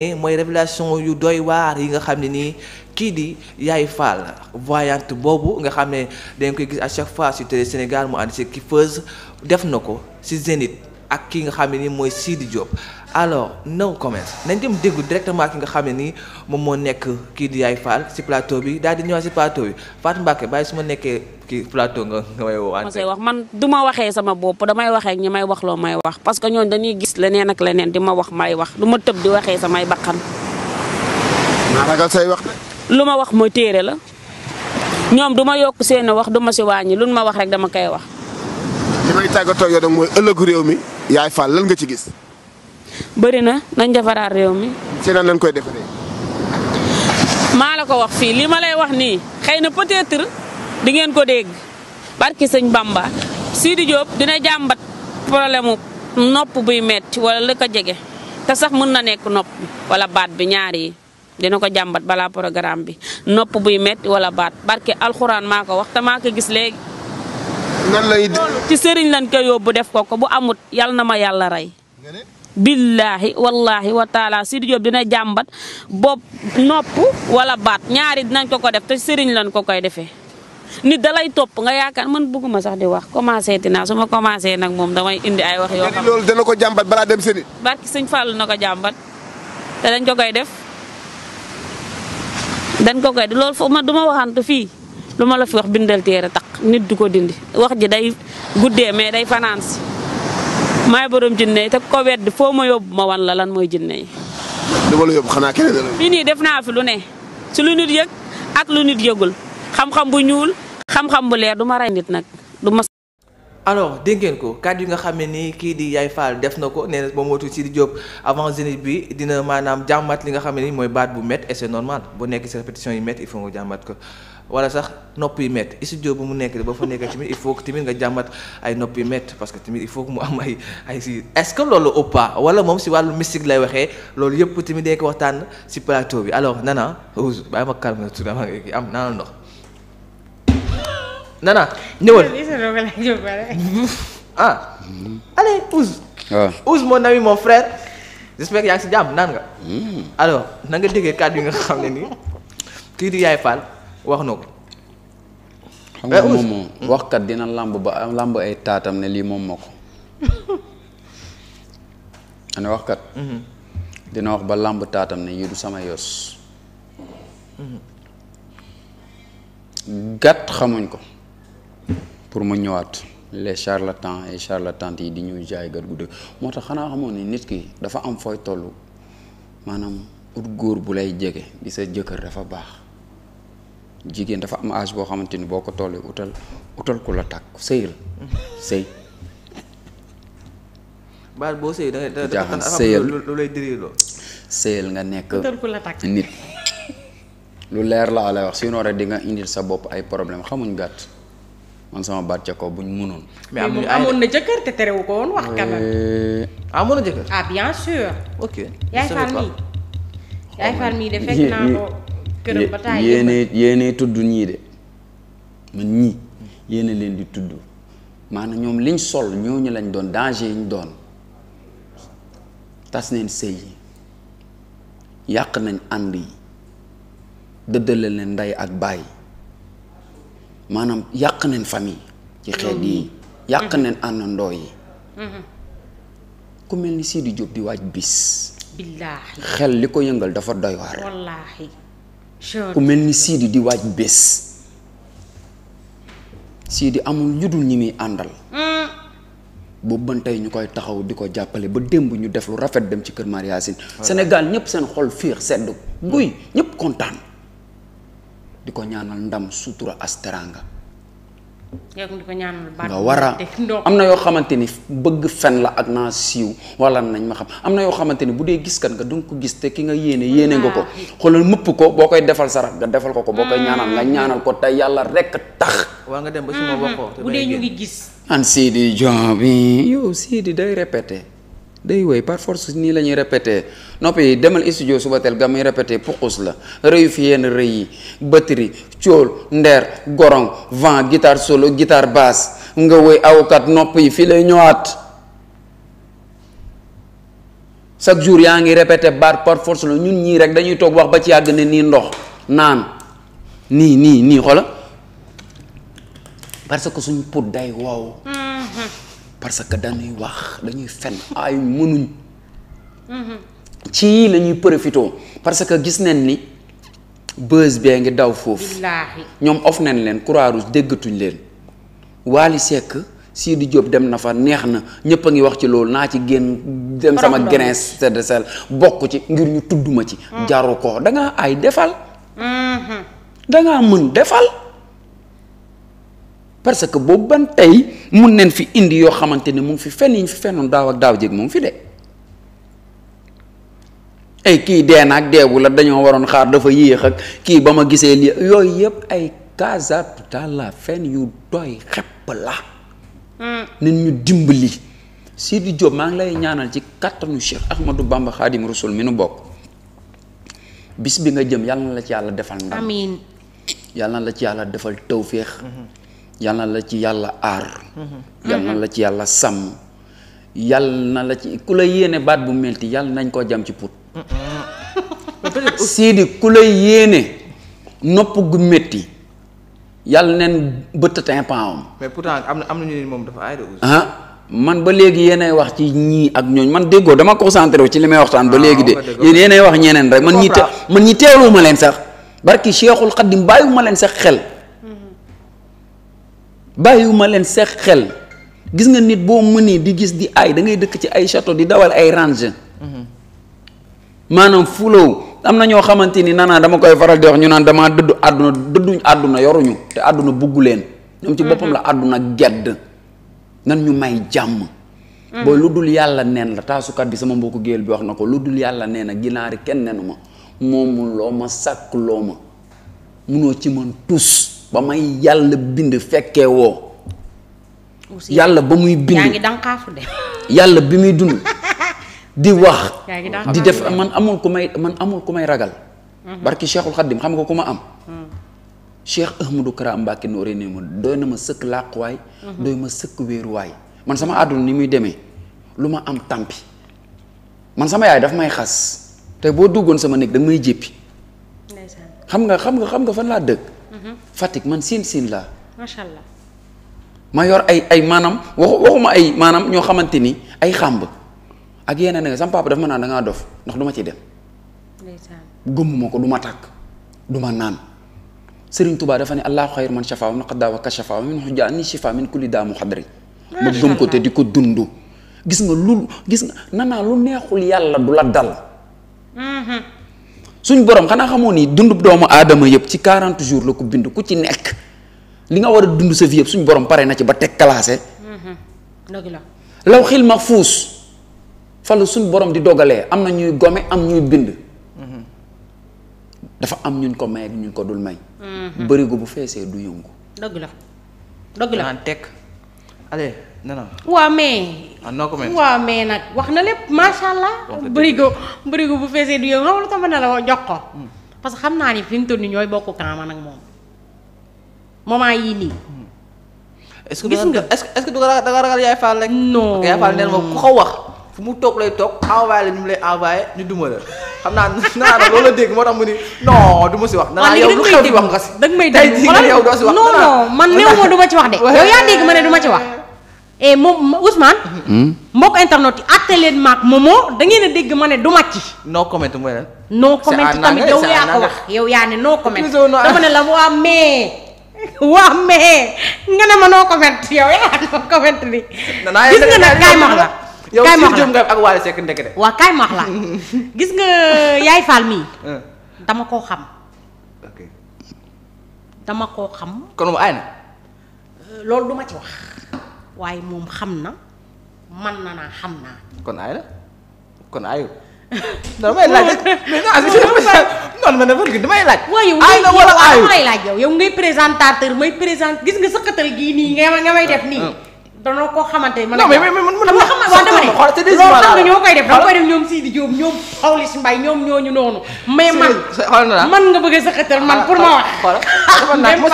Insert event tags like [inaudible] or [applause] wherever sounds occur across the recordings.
Eh, mooy révélation yu doy waar yi nga xam ne nii kii di Yaye Fall voyante boobu nga xam ne dañ koy gis à chaque fois sur Télé Sénégal mu ànd ci Kifeuz def na ko ci Zénith ak ki nga xam ne nii mooy di Diop alors no comments nañ dem déglu directement ki nga xam ne nii moom moo nekk kii di Yaay Fall si plateau bi daal di ñëwaat si plateau bi Fatou Mbacke su ma nekkee kii plateau nga nga wax man du ma waxee sama bopp damay waxee ñi may wax loo may wax parce que ñooñu dañuy gis leneen ak leneen di ma wax may wax du ma tëb di waxee samay bakkan. maanaam say wax. lu ma wax mooy téere la ñoom du ma yokk seen wax du ma si wàññi lu ma wax rek dama koy wax. li may tàggatoo yow nag mooy ëllëgu réew mi yaay Fall lan nga ci gis. bëri na nañ defaraat réew mi. ci nan lañ koy defaree. maa la ko wax fii li ma lay wax nii xëy na peut-être di ngeen ko dégg barki sëñ Bamba Sidi Diop dina jàmbat problème mu nopp buy metti walla li ko jege te sax mën na nekk nopp wala baat bi ñaar yi. dina ko jàmbat balaa programme bi nopp buy metti wala baat barke alxuraan maa ko wax te maa ko gis léegi nan lay ci sëriñ lañ ko yóbbu def ko ko bu amut yal na ma yàlla rey. billaahi wallaahi wa taala Sidi Diop dina jàmbat bopp nopp wala baat ñaari dinañ ko ko def te sëriñ lañ ko koy defee. nit da lay topp nga yaakaar man bëgguma sax di wax commencé dinaa su ma commencé nag moom damay indi ay wax yoo xam loolu dana ko jàmbat balaa dem sëriñ. barki sëñ Fallou na ko jàmbat te dañ ko koy def dañ ko koy def loolu foofu man du waxantu fii. lu ma la fi wax bindal téere tax nit du ko dindi wax ji day guddee mais day fanaan si maay borom jinne yi te ko wedd foo ma yóbbu ma wan la lan mooy jinne yi. li ma la yóbbu xanaa keneen la. fii nii def naa fi lu ne si lu nit yëg ak lu nit yëgul xam-xam bu ñuul xam-xam bu leer du ma rey nit nag du ma. alors dégg ko kàddu yi nga xam ne nii kii di Yaay Fall def na ko nee na moom mootu Sidy Diop avant Zénith bi dina maanaam jàmmat li nga xam ne nii mooy baa bu métti et c'est normal bu nekk si répétition yi métti il jàmmat ko. wala sax nopp yu métti studio bu mu nekk ba fa nekk tamit il faut que tamit nga jàmbat ay nopp yu métti parce que tamit il faut que mu am ay ay si est-ce que loolu ou pas wala moom si wàllu mystique lay waxee loolu yëpp tamit de ko waxtaan si plateau bi alors Nana Rose bàyyi ma calme na tuuti am naa ndox Nana ñëwal [laughs] [laughs] ah allez Ouz. Ah. waaw si jàmm naan nga. Hmm. alors na nga déggee kàddu bi nga xam ne nii kii di Yaay Fall. wax na ko. xam nga eh, dina làmb ba làmb ay taatam ne lii moom moo ko. [laughs] ana waxkat. Mhm. dina wax ba làmb taatam ne yii du sama yoos mhm. gàtt xamuñ ko. pour mu ñëwaat les charlatans ay charlatantes yi di ñuy jaay gàtt gu moo tax xanaa xamoon ni nit ki dafa am fooy toll maanaam ut góor bu lay jege di sa jëkkër dafa baax. jigéen dafa am âge boo xamante ni boo ko tollee utal utal ku la tàkk sëyal sëy baal boo sëy da ngay jaaxal sëyal lu lay diriloo sëyal nga nekk nit lu leer laa lay wax sinon rek di nga indil sa bopp ay problème xamuñ gàtt man sama baat ca kaw buñ mënoon. mais amoon na jëkkër te terewu ko woon wax kanam. Eh, ah bien sûr. ok yaay Fall yaay Fall de fekk [laughs] naa ko. këram ba taay yéene yéene tudd ñii de man ñii yéene leen di tudd maanaam ñoom liñ sol ñooñu lañ doon danger ñu doon tas neen sëy yi yàq nañ ànd yi dëddale leen ndey ak baay maanaam yàq nañ famille ci xeet yi yàq nañ àndandoo yi mhm. ku mel ni Sidi Diop di waaj bis xel li ko yëngal dafa doy waar ku mel ni Sidi di waaj bés Sidi amul ñu dul ñi muy àndal hmm. boobu ban tey ñu koy taxaw di ko jàppale ba démb ñu def lu rafet dem ci kër Marie Yacine Sénégal ñëpp seen xol fiir sedd guy ñëpp kontaan di ko ñaanal ndam sutura asteranga nga war a am na yoo xamante ni bëgg fen la ak naa siiw walla nañ ma xam am na yoo xamante ni bu dee gis kat nga danga ko gis te ki nga yéene yéene nga ko xoolal mëpp ko boo koy defal sarax nga defal ko ko boo koy ñaanal nga mm. ñaanal ko te yàlla rekk tax waa nga dem ba su ma waxoo bu dee ñu ngi gis an Sidi Diop bi yow Sidi day répété day wéy par force nii lañuy ñuy nopp yi demal studio suba teel gam muy répété puqus la rëyu fi yenn rëy yi batterie cool ndeer gorong vent guitare solo guitare baas nga woy awkat nopp yi fii lay ñëwaat chaque jour yaa ngi répété baat par force la ñun ñii rek dañuy toog wax ba ci yàgg ne nii ndox naan nii nii nii xoola parce que suñ put day wow mm-hmm. parce que dañuy wax dañuy fen ay mënuñ ci la ñuy profité parce que gis nañ ni buzz bee ngi daw foofu ñoom of nañ leen croix déggatuñ leen Wally Seck Sidi Diop dem na fa neex na ñëpp a ngi wax ci loolu naa ci génn dem sama grain de sel bokk ci ngir ñu tudduma ci mm. jaru ko da ngaa ay defal mm-hmm. da ngaa mën defal parce que boobu ban tey mun nañ fi indi yoo xamante ne mu ngi fi fenn yi ñu fi fennoon daaw ak daaw jég mu ngi fi de ay kii dee na ak bu la dañoo waroon xaar dafa yéex ak kii ba ma gisee lii yooyu yëpp ay casa la fenn yu doy xepp la hmm. nen ñu dimbali Sidi Diop maa ngi lay ñaanal ci kattanu Cheikh Ahmadou Bamba Xaadim Rasul mi nu bokk bis bi nga jëm yàlla na la ci yàlla defal ndam yàlla na la ci yàlla defal tawféex hmm. yal na la ci yàlla aar mhm. yal na la ci yàlla sàmm yal na la ci ku la yéene baat bu melti yal nañ koo jam ci put mhm. [laughs] Sidi ku la yéene nopp gu métti yal neen bëtt tympan mais pourtant am na am na ñu ne moom dafa ah, man ba léegi yéenay wax ci ñii ak ñooñ man déggoo dama concentré wu ci li may waxtaan ba ah, léegi de yéen yéenay wax ñeneen rek man ñi te man ñi teewluwuma leen sax barki Cheikhul Khadim bàyyiwuma leen sax xel bàyyiwuma leen seex xel gis nga nit boo mën mënee di gis di ay dangay dëkk ci ay château di dawal ay range maanaam fulow am na ñoo xamante ni nanaa dama koy faral di wax ñu naan damaa dëddu àdduna dëdduñ àdduna yoruñu te àdduna bugg leen ñoom ci boppam la àdduna gedd nan ñu may jàmm booy lu dul yàlla neen la taasukat bi sama mbokku géwél bi wax na ko lu dul yàlla neen a ginaari kenn nenu ma moomu loo ma sàkk loo ma munoo ci mën tus ba may yàlla bind fekkee woo. yàlla ba muy bind yaa yàlla bi muy dund [laughs] di wax. di def man amul ku may man amul ku may ragal. Mhm. barki Cheikhul Khadim xam nga ku ma am. Mhm. Cheikh du Kara Mbacké nooree ne ma doy na ma sëkk làquwaay. Mhm. doy ma sëkk wéeruwaay man sama àdduna ni muy demee lu ma am tàmpi man sama yaay daf may xas te boo duggoon sama néeg da may jéppi. xam nga xam nga xam nga fan laa dëkk. Mhm. Fatick man siin siin laa. macha allah. yor ay ay maanaam waxu waxuma ay maanaam ñoo xamante ni ay xàmb ak yeneen nga sama papa dafa ma naan dangaa dof ndax du ma ci dem. gëmmuma ko du ma tàkk du ma naan. Sëriñ Tuubaa dafa ne allahu xayru man shafaa wa qaddaa wa kashafaa min hujaani shifaa min kulli daa xadri ma gëm ko te di ko dund. gis nga lu gis nga nanaa lu neexul yàlla du la dal. Mhm. suñ borom xanaa xamoo ni dund doomu aadama yëpp ci 40 jours la ko bind ku ci nekk li nga war a dund sa vie yëpp suñ borom pare na ci ba teg classé. Mm-hmm. dëgg la law xil ma fuus falu suñ borom di dogalee am na ñuy gome am ñuy bind. Mm-hmm. dafa am ñuñ ko may ak ñuñ ko dul may. Mm-hmm. bërigo bu feesee du yëngu. dëgg la dëgg la tekk allez nana waaw mais. ah noo mais nag wax na lépp macha allah. bërigo bërigo bu feesee du yow xam lu tax ma ne la jox ko. Hmm. parce que xam naa fi mu toll nii ñooy bokk kaama nag moom moment yii nii. Hmm. est-ce que gis nga est wax. fu mu toog lay toog envoyé la ñu lay envoyé ñu duma la xam naa naa la loolu dégg moo tax mu ni non du ma si wax. naa yow lu xew di wax nga si. dëgg may dégg tey jii wax. man néew ma du ma wax de. yow yaa dégg ma ne du ma ci wax. et moom Ousmane. Hmm? mbokk internet yi àtte leen maak Momo da ngeen dégg ma ne du màcc. tamit yow yaa ko wax yow yaa ne no comment. Ah. dama ne la waa mais. waa mais nga ne ma no comment yow yaa no comment ni. gis nga nag kaay max la. yow nga ak Wally Seck ndekete. waa max la [laughs] gis nga yaay Fall mii. Hmm. dama koo xam. dama koo xam. kon moom aay na. Euh, loolu du ci wax. waaye moom xam na man na naa xam naa. kon aay la kon aayu. [laughs] non may laaj mais non non non damay laaj. aay la wala aayu waaye laaj yow yow ngay présentateur may présent gis nga sëkkatal gii nii nga nga may def nii. Ah. danoo koo xamante man non mais man man wax dama ne loolu xam nga ñoo koy def da koy def ñoom Sidi Diop ñoom Pawlish Mbaye ñoom ñooñu noonu. mais man man nga bëgg a sëkkatal man pour ma ah, wax. xoolal dafa naan ma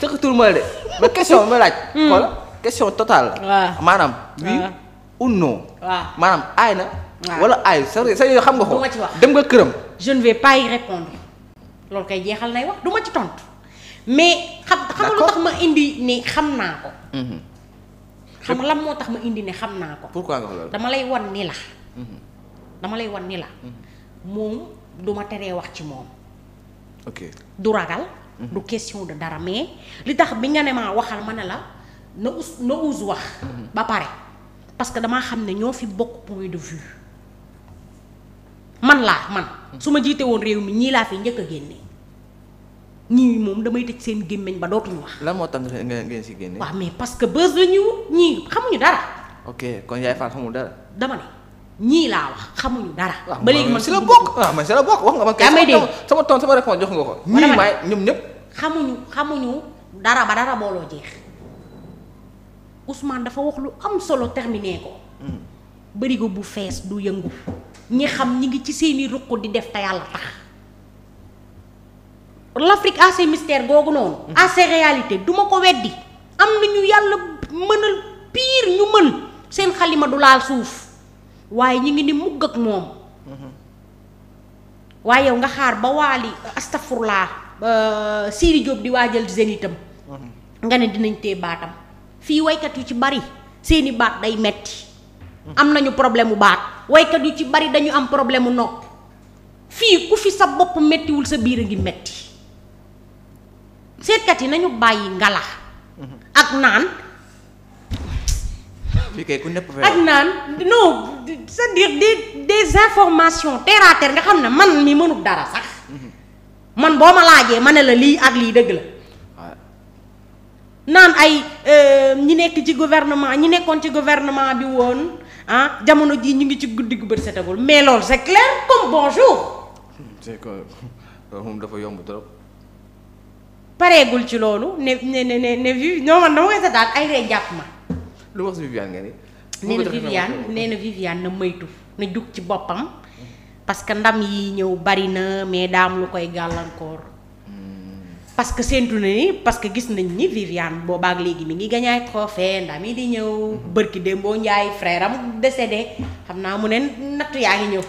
sëkkatul ma la de ma question ma laaj. Hmm. xoolal. question total la. maanaam. oui ou non. waaw maanaam aay na. wala aay sa sa yoo xam nga ko. dem nga këram. je ne vais pas y répondre loolu kay jeexal nay wax du ma ci tontu. mais xam xam lu tax ma indi ne xam naa ko. Mm-hmm. lan moo tax ma indi ne xam naa ko. pourquoi dama lay wan ni la. Mm-hmm. dama lay wan ni la. Mm-hmm. moom du ma wax ci moom. du ragal. du question de dara mais li tax bi nga ne maa waxal ma ne la. na us na us wax. Mhm. ba pare parce que damaa xam ne ñoo fi bokk point de vue man laa man. Mhm. su ma jiite woon réew mi ñii laa fi njëkk a génne ñii moom damay tëj seen gémmiñ ba dootuñu wax. lan moo tax nga nga si génne. parce que bés la ñu ñii xamuñu dara. ok kon yaay dama ñii laa wax xamuñu dara. Ah, ba léegi man si la bokk waaw ah, man si la bokk wax nga ma. yaa may dégg sama ton sama réponse jox nga ko. ñii maay ñoom ñëpp. xamuñu xamuñu dara ba dara booloo jeex. Ousmane dafa wax lu am solo terminé ko. bërigo bu fees du yëngu. ñi xam ñi ngi ci seeni ruq di def te yàlla tax. l'Afrique a ses mystères googu noonu. Mm-hmm. a ses réalités du ma ko weddi. am na ñu yàlla mënal pire ñu mën seen xalima du laal suuf waaye ñu ngi ni mugg ak moom. Mm-hmm. waaye yow nga xaar ba waali astafurlaa. Siri Diop di waajal zénitam. Mm-hmm. nga ne dinañ tee baatam. fii waykat yu ci bari seeni baat day metti am nañu problème mu baat waykat yu ci bari dañu am problème mu nopp fii ku fi sa bopp mettiwul sa biir a ngi metti seetkat yi nañu bàyyi ngala ak naan ak naan non c'est-à-dire des des informations terre à nga xam ne man mi mënul dara sax mhm. man boo ma laajee ma ne la lii ak lii dëgg la naan ay euh, ñi nekk ci gouvernement ñi nekkoon ci gouvernement bi woon ah jamono jii ñu ngi ci guddi gu bët setagul mais loolu c'est clair comme bonjour. c'est euh, moom dafa yomb trop. pareegul ci loolu ne ne ne ne ne vi non man dama koy seetaan ay ree ma. lu wax si Viviane ne ni. nee na Viviane nee na Viviane na moytu na jug ci boppam. parce que ndam yi ñëw bari na mais daam lu koy gàllankoor. parce que séntu na ni parce que gis nañ ni Viviane boobaak léegi mi ngi gagné trophée ndam yi di ñëw mm-hmm. bërki Dembo Ndiaye frère am décédé xam naa mu ne nattu yaa ngi ñëw.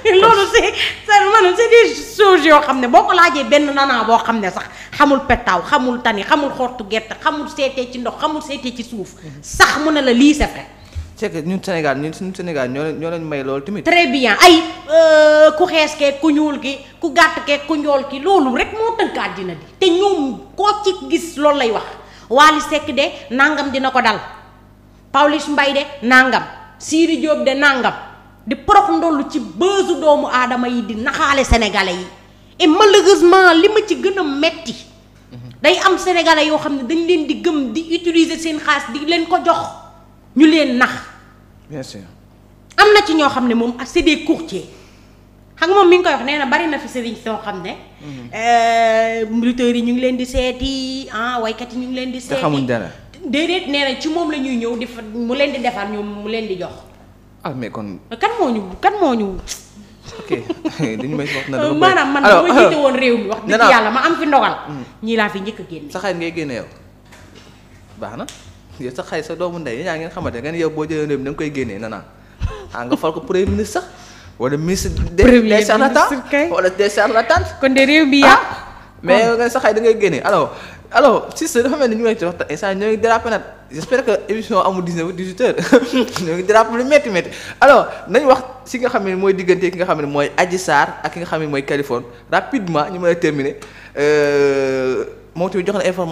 [laughs] loolu si c'est man c'est des choses yoo xam ne boo ko laajee benn nana boo xam ne sax xamul pettaaw xamul tani xamul xortu gerte xamul seetee ci ndox xamul seetee ci suuf mm-hmm. sax mu ne la lii c'est vrai c'est ñu ñun Sénégal suñu Sénégal ñoo leen ñoo leen may loolu tamit. très bien ay euh, ku xees kee ku ñuul ki ku gàtt kee ku njool ki loolu rek moo tënk àddina bi te ñoom koo ci gis loolu lay wax Wally sekk de nangam dina ko dal Pawlish mbay de nangam Siri Diop de nangam di porox ndollu ci bësu doomu aadama yi di naxaale sénégalais yi et malheureusement li ma ci gën metti day am sénégalais yoo xam ne dañ leen di gëm di utiliser seen xaas di leen ko jox ñu leen nax. bien am na ci ñoo xam ne moom c'est des courtiers xam nga moom mi ngi koy wax nee na bari na fi sëriñ soo xam ne. lutteurs mhm. euh, yi ñu ngi leen di seeti ah waykat yi ñu ngi leen di. seeti te xamuñ dara. déedéet nee na ci moom la ñuy ñëw di fa mu leen di defar ñoom mu leen di jox. ah mais kon. kan moo ñu kan moo ñu. [laughs] ok [laughs] dañu may wax na dama euh, man dama jiite euh, woon réew mi wax dëgg yàlla ma am fi ndogal. Mm. ñii laa fi njëkk a génne. sa xarit ngay génne yow baax na. yow sa xay sa doomu ndey yaa ngeen xamante ngeen yow boo jëlee réew mi da nga koy génnee nanaan ah nga fal ko premier ministre sax wala ministre des charlatans wala des charlatans kon de réew bi yàq mais ngeen sa xay da ngay génnee alors alors dafa mel ni ñu ngi ci nag j'espère que émission amul 19 18 ñoo ngi dérapé lu métti métti alors nañ wax si nga xam ne mooy diggante ki nga xam ne mooy Adji Sarr ak nga xam ne mooy a